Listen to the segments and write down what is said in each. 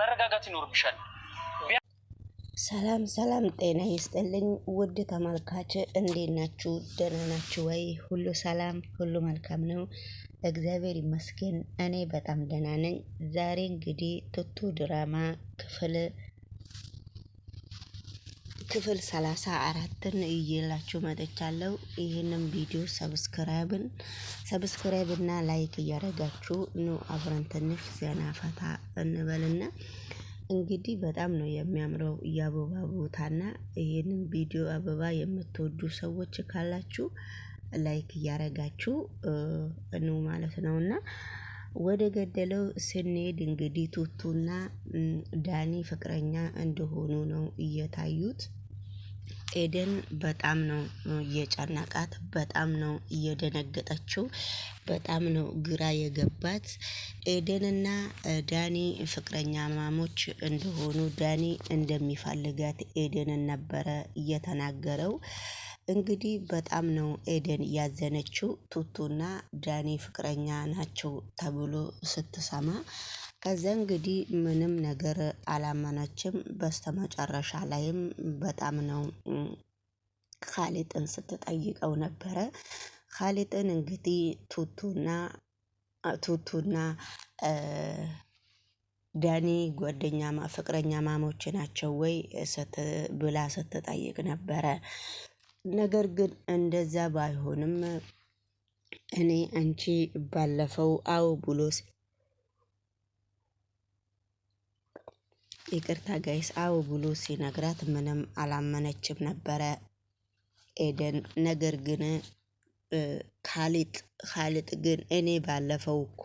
መረጋጋት ይኖርብሻል። ሰላም ሰላም፣ ጤና ይስጥልኝ ውድ ተመልካች፣ እንዴት ናችሁ? ደህና ናችሁ ወይ? ሁሉ ሰላም፣ ሁሉ መልካም ነው። እግዚአብሔር ይመስገን፣ እኔ በጣም ደህና ነኝ። ዛሬ እንግዲህ ትቱ ድራማ ክፍል ክፍል ሰላሳ አራትን እየላችሁ መጥቻለሁ። ይህንም ቪዲዮ ሰብስክራይብን እና ላይክ እያደረጋችሁ ኑ አብረን ትንሽ ዘና ፈታ እንበልና እንግዲህ በጣም ነው የሚያምረው የአበባ ቦታና ይህንን ቪዲዮ አበባ የምትወዱ ሰዎች ካላችሁ ላይክ እያደረጋችሁ ኑ ማለት ነው እና ወደ ገደለው ስንሄድ እንግዲህ ቱቱና ዳኒ ፍቅረኛ እንደሆኑ ነው እየታዩት። ኤደን በጣም ነው የጨነቃት፣ በጣም ነው እየደነገጠችው፣ በጣም ነው ግራ የገባት። ኤደንና ዳኒ ፍቅረኛ ማሞች እንደሆኑ ዳኒ እንደሚፈልጋት ኤደንን ነበረ እየተናገረው። እንግዲህ በጣም ነው ኤደን ያዘነችው። ቱቱና ዳኒ ፍቅረኛ ናቸው ተብሎ ስትሰማ ከዚያ እንግዲህ ምንም ነገር አላመነችም በስተመጨረሻ ላይም በጣም ነው። ካሌጥን ስትጠይቀው ነበረ። ካሌጥን እንግዲህ ቱቱና ቱቱና ዳኒ ጓደኛ ፍቅረኛ ማሞች ናቸው ወይ ብላ ስትጠይቅ ነበረ። ነገር ግን እንደዛ ባይሆንም እኔ አንቺ ባለፈው አው ብሎ ይቅርታ ጋይስ አው ብሎ ሲነግራት ምንም አላመነችም ነበረ ኤደን። ነገር ግን ካሊጥ ካሊጥ ግን እኔ ባለፈው እኮ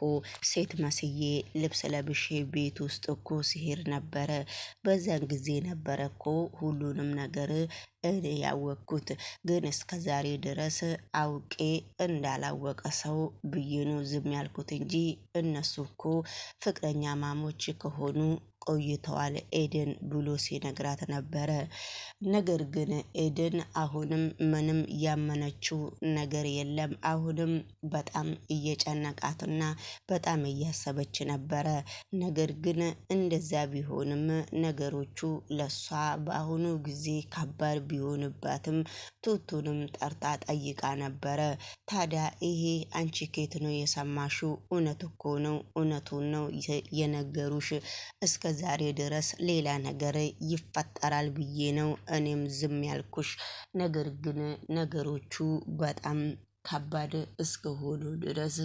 ሴት መስዬ ልብስ ለብሼ ቤት ውስጥ እኮ ሲሄድ ነበረ። በዛን ጊዜ ነበረ እኮ ሁሉንም ነገር እኔ ያወቅኩት። ግን እስከ ዛሬ ድረስ አውቄ እንዳላወቀ ሰው ብዬ ነው ዝም ያልኩት እንጂ እነሱ እኮ ፍቅረኛ ማሞች ከሆኑ ቆይተዋል ኤደን ብሎ ሲነግራት ነበረ። ነገር ግን ኤደን አሁንም ምንም ያመነችው ነገር የለም። አሁንም በጣም እየጨነቃትና በጣም እያሰበች ነበረ። ነገር ግን እንደዚያ ቢሆንም ነገሮቹ ለሷ በአሁኑ ጊዜ ከባድ ቢሆንባትም ቱቱንም ጠርታ ጠይቃ ነበረ። ታዲያ ይሄ አንቺ ኬት ነው የሰማሹ? እውነት እኮ ነው፣ እውነቱን ነው የነገሩሽ እስከ ዛሬ ድረስ ሌላ ነገር ይፈጠራል ብዬ ነው እኔም ዝም ያልኩሽ። ነገር ግን ነገሮቹ በጣም ከባድ እስከሆኑ ድረስ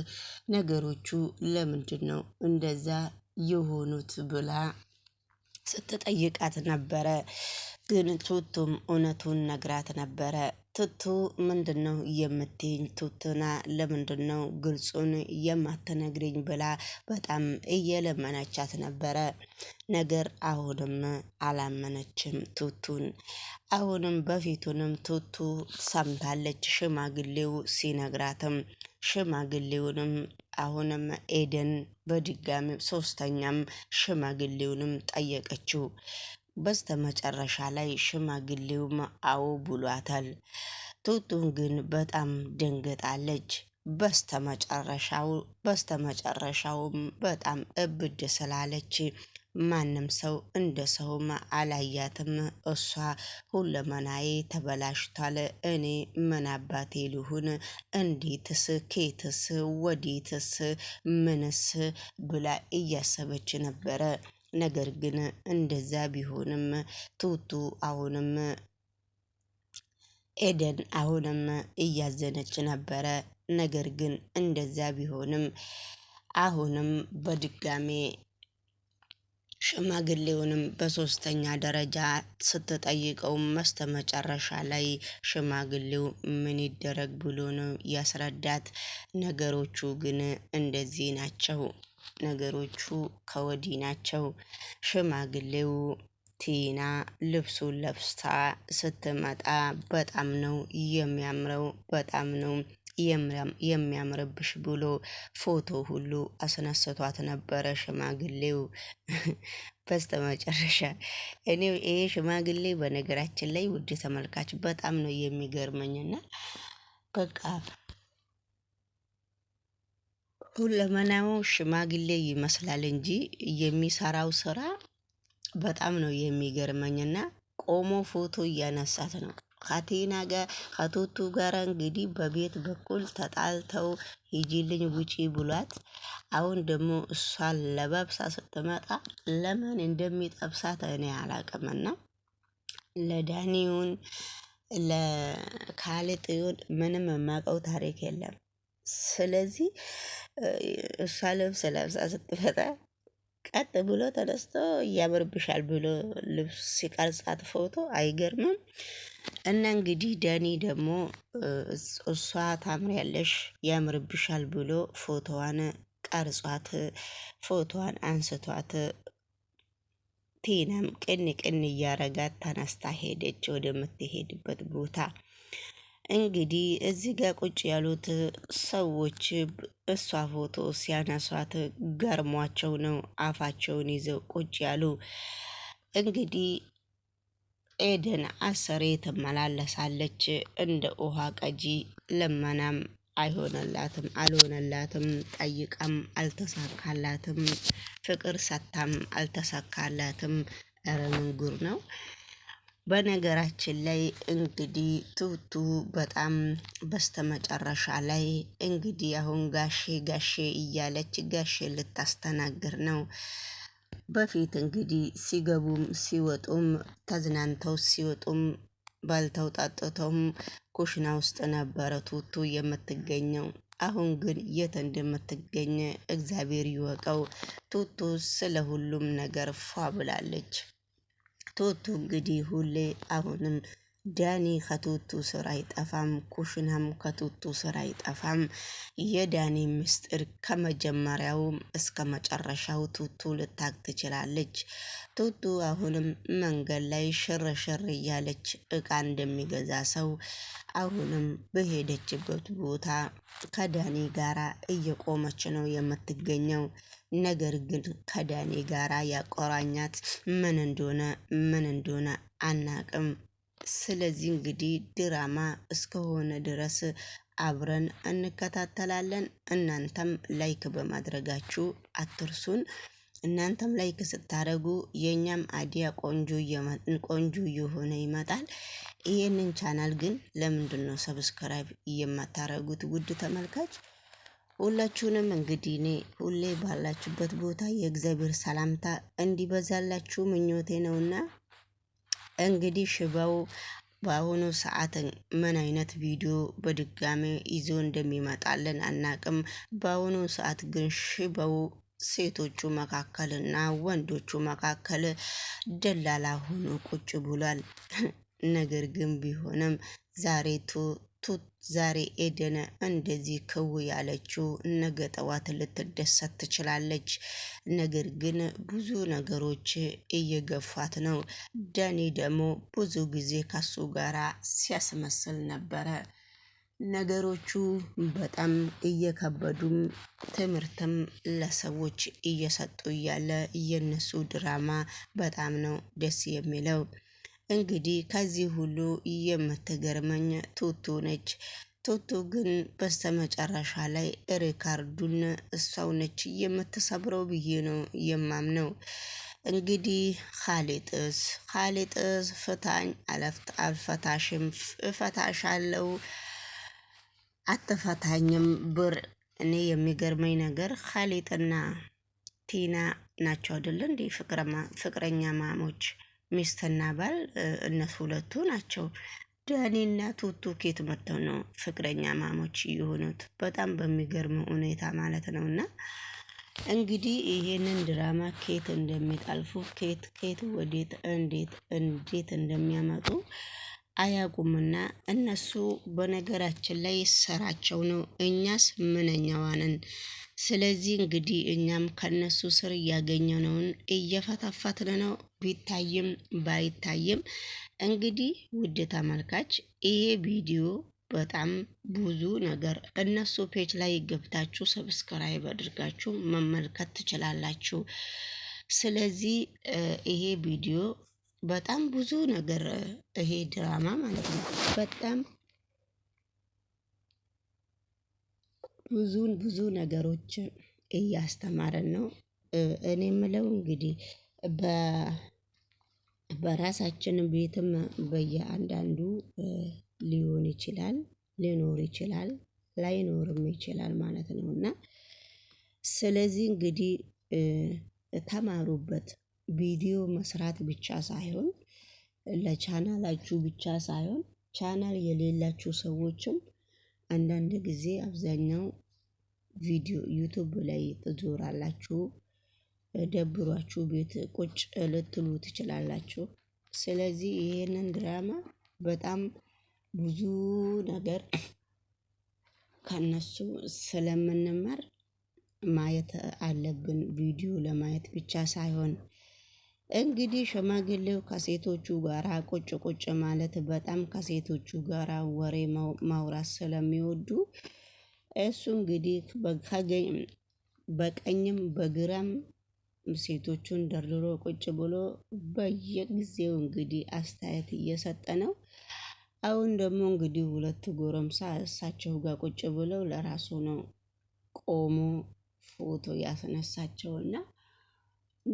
ነገሮቹ ለምንድን ነው እንደዛ የሆኑት ብላ ስትጠይቃት ነበረ። ግን ቱቱም እውነቱን ነግራት ነበረ። ቱቱ ምንድን ነው የምትይኝ? ቱቱና ለምንድን ነው ግልጹን የማትነግሪኝ? ብላ በጣም እየለመነቻት ነበረ። ነገር አሁንም አላመነችም ቱቱን። አሁንም በፊቱንም ቱቱ ሰምታለች፣ ሽማግሌው ሲነግራትም ሽማግሌውንም አሁንም ኤደን በድጋሚ ሶስተኛም ሽማግሌውንም ጠየቀችው። በስተመጨረሻ ላይ ሽማግሌውም አዎ ብሏታል። ቱቱን ግን በጣም ደንግጣለች። በስተመጨረሻው በስተመጨረሻውም በጣም እብድ ስላለች ማንም ሰው እንደ ሰውም አላያትም። እሷ ሁለመናዬ ተበላሽቷል፣ እኔ ምን አባቴ ልሁን፣ እንዴትስ፣ ኬትስ፣ ወዴትስ፣ ምንስ ብላ እያሰበች ነበረ። ነገር ግን እንደዛ ቢሆንም ቱቱ አሁንም ኤደን አሁንም እያዘነች ነበረ። ነገር ግን እንደዛ ቢሆንም አሁንም በድጋሜ ሽማግሌውንም በሶስተኛ ደረጃ ስትጠይቀው መስተመጨረሻ ላይ ሽማግሌው ምን ይደረግ ብሎ ነው ያስረዳት። ነገሮቹ ግን እንደዚህ ናቸው። ነገሮቹ ከወዲህ ናቸው። ሽማግሌው ቲና ልብሱን ለብስታ ስትመጣ በጣም ነው የሚያምረው በጣም ነው የሚያምርብሽ ብሎ ፎቶ ሁሉ አስነስቷት ነበረ ሽማግሌው። በስተመጨረሻ እኔ ይሄ ሽማግሌ በነገራችን ላይ ውድ ተመልካች በጣም ነው የሚገርመኝና በቃ ሁለመናው ሽማግሌ ይመስላል እንጂ የሚሰራው ስራ በጣም ነው የሚገርመኝና ቆሞ ፎቶ እያነሳት ነው ከቴና ጋር ከቶቱ ጋር እንግዲህ በቤት በኩል ተጣልተው ሂጂልኝ ውጪ ብሏት፣ አሁን ደግሞ እሷን ለበብሳ ስትመጣ ለምን እንደሚጠብሳት እኔ አላቅምና ለዳኒውን ለካሌጥዩን ምንም የማውቀው ታሪክ የለም። ስለዚህ እሷ ልብስ ለብሳ ስትፈጣ ቀጥ ብሎ ተነስቶ እያምርብሻል ብሎ ልብስ ሲቀርጻት ፎቶ አይገርምም። እና እንግዲህ ደኒ ደግሞ እሷ ያለሽ ያምርብሻል ብሎ ፎቶዋን ቀርጿት ፎቶዋን አንስቷት ቴናም ቅን ቅን እያረጋት ተነስታ ሄደች ወደምትሄድበት ቦታ። እንግዲህ እዚህ ጋር ቁጭ ያሉት ሰዎች እሷ ፎቶ ሲያነሷት ገርሟቸው ነው አፋቸውን ይዘው ቁጭ ያሉ። እንግዲህ ኤደን አሰሬ ትመላለሳለች እንደ ውሃ ቀጂ። ልመናም አይሆነላትም አልሆነላትም፣ ጠይቃም አልተሳካላትም፣ ፍቅር ሰታም አልተሳካላትም። ኧረ ምን ጉር ነው! በነገራችን ላይ እንግዲህ ትሁቱ በጣም በስተመጨረሻ ላይ እንግዲህ አሁን ጋሼ ጋሼ እያለች ጋሼ ልታስተናግር ነው። በፊት እንግዲህ ሲገቡም ሲወጡም ተዝናንተው ሲወጡም ባልተውጣጥተውም ኩሽና ውስጥ ነበረ ትሁቱ የምትገኘው። አሁን ግን የት እንደምትገኝ እግዚአብሔር ይወቀው። ትሁቱ ስለ ሁሉም ነገር ፏ ብላለች። ቶቱ እንግዲህ ሁሌ አሁንም ዳኒ ከቱቱ ስራ አይጠፋም፣ ኩሽናም ከቱቱ ስራ አይጠፋም። የዳኒ ምስጢር ከመጀመሪያው እስከ መጨረሻው ቱቱ ልታቅ ትችላለች። ቱቱ አሁንም መንገድ ላይ ሽርሽር እያለች እቃ እንደሚገዛ ሰው አሁንም በሄደችበት ቦታ ከዳኒ ጋራ እየቆመች ነው የምትገኘው። ነገር ግን ከዳኒ ጋራ ያቆራኛት ምን እንደሆነ ምን እንደሆነ አናቅም። ስለዚህ እንግዲህ ድራማ እስከሆነ ድረስ አብረን እንከታተላለን። እናንተም ላይክ በማድረጋችሁ አትርሱን። እናንተም ላይክ ስታደረጉ የእኛም አዲያ ቆንጆ እየሆነ ይመጣል። ይህንን ቻናል ግን ለምንድን ነው ሰብስክራይብ የማታደረጉት ውድ ተመልካች ሁላችሁንም እንግዲህ እኔ ሁሌ ባላችሁበት ቦታ የእግዚአብሔር ሰላምታ እንዲበዛላችሁ ምኞቴ ነውና እንግዲህ ሽበው በአሁኑ ሰዓት ምን አይነት ቪዲዮ በድጋሚ ይዞ እንደሚመጣልን አናቅም። በአሁኑ ሰዓት ግን ሽበው ሴቶቹ መካከል እና ወንዶቹ መካከል ደላላ ሆኖ ቁጭ ብሏል። ነገር ግን ቢሆንም ዛሬቱ ቱት ዛሬ ኤደን እንደዚህ ክው ያለችው ነገ ጠዋት ልትደሰት ትችላለች። ነገር ግን ብዙ ነገሮች እየገፋት ነው። ዳኒ ደግሞ ብዙ ጊዜ ከሱ ጋር ሲያስመስል ነበረ። ነገሮቹ በጣም እየከበዱም ትምህርትም ለሰዎች እየሰጡ እያለ የነሱ ድራማ በጣም ነው ደስ የሚለው። እንግዲህ ከዚህ ሁሉ የምትገርመኝ ቱቱ ነች። ቱቱ ግን በስተመጨረሻ ላይ ሪካርዱን እሷው ነች የምትሰብረው ብዬ ነው የማምነው። እንግዲህ ካሌጥስ ካሌጥስ ፍታኝ አለፍት አልፈታሽም፣ እፈታሻለሁ አትፈታኝም ብር። እኔ የሚገርመኝ ነገር ካሌጥና ቲና ናቸው አይደለ እንዲህ ፍቅረኛ ማሞች ሚስትና ባል እነሱ ሁለቱ ናቸው። ዳኒና ቱቱ ኬት መጥተው ነው ፍቅረኛ ማሞች የሆኑት? በጣም በሚገርም ሁኔታ ማለት ነው። እና እንግዲህ ይህንን ድራማ ኬት እንደሚጣልፉ ኬት ኬት ወዴት እንዴት እንዴት እንደሚያመጡ አያውቁምና እነሱ በነገራችን ላይ ሰራቸው ነው። እኛስ ምንኛዋንን ስለዚህ እንግዲህ እኛም ከነሱ ስር እያገኘነውን እየፈታፈትን ነው። ቢታይም ባይታይም እንግዲህ ውድ ተመልካች ይሄ ቪዲዮ በጣም ብዙ ነገር እነሱ ፔጅ ላይ ገብታችሁ ሰብስክራይብ አድርጋችሁ መመልከት ትችላላችሁ። ስለዚህ ይሄ ቪዲዮ በጣም ብዙ ነገር ይሄ ድራማ ማለት ነው በጣም ብዙን ብዙ ነገሮችን እያስተማረን ነው። እኔ የምለው እንግዲህ በ ቤትም በየአንዳንዱ ሊሆን ይችላል ሊኖር ይችላል ላይኖርም ይችላል ማለት ነው። እና ስለዚህ እንግዲህ ተማሩበት ቪዲዮ መስራት ብቻ ሳይሆን ለቻናላችሁ ብቻ ሳይሆን ቻናል የሌላችሁ ሰዎችም አንዳንድ ጊዜ አብዛኛው ቪዲዮ ዩቱብ ላይ ትዞራላችሁ ደብሯችሁ ቤት ቁጭ ልትሉ ትችላላችሁ። ስለዚህ ይሄንን ድራማ በጣም ብዙ ነገር ከነሱ ስለምንማር ማየት አለብን። ቪዲዮ ለማየት ብቻ ሳይሆን እንግዲህ ሽማግሌው ከሴቶቹ ጋራ ቁጭ ቁጭ ማለት በጣም ከሴቶቹ ጋራ ወሬ ማውራት ስለሚወዱ እሱ እንግዲህ በቀኝም በግራም ሴቶቹን ደርድሮ ቁጭ ብሎ በየጊዜው እንግዲህ አስተያየት እየሰጠ ነው። አሁን ደግሞ እንግዲህ ሁለት ጎረምሳ እሳቸው ጋር ቁጭ ብለው ለራሱ ነው ቆሞ ፎቶ ያስነሳቸውና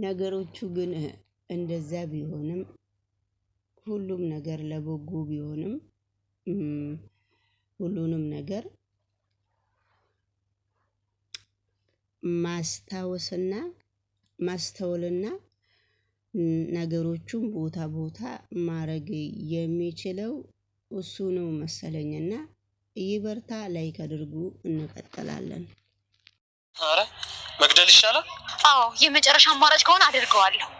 ነገሮቹ ግን እንደዛ ቢሆንም ሁሉም ነገር ለበጎ ቢሆንም ሁሉንም ነገር ማስታወስና ማስተውልና ነገሮቹን ቦታ ቦታ ማድረግ የሚችለው እሱ ነው መሰለኝና ይበርታ። ላይ ከድርጉ እንቀጥላለን። አረ መግደል ይሻላል። አዎ የመጨረሻ አማራጭ ከሆነ አድርገዋለሁ።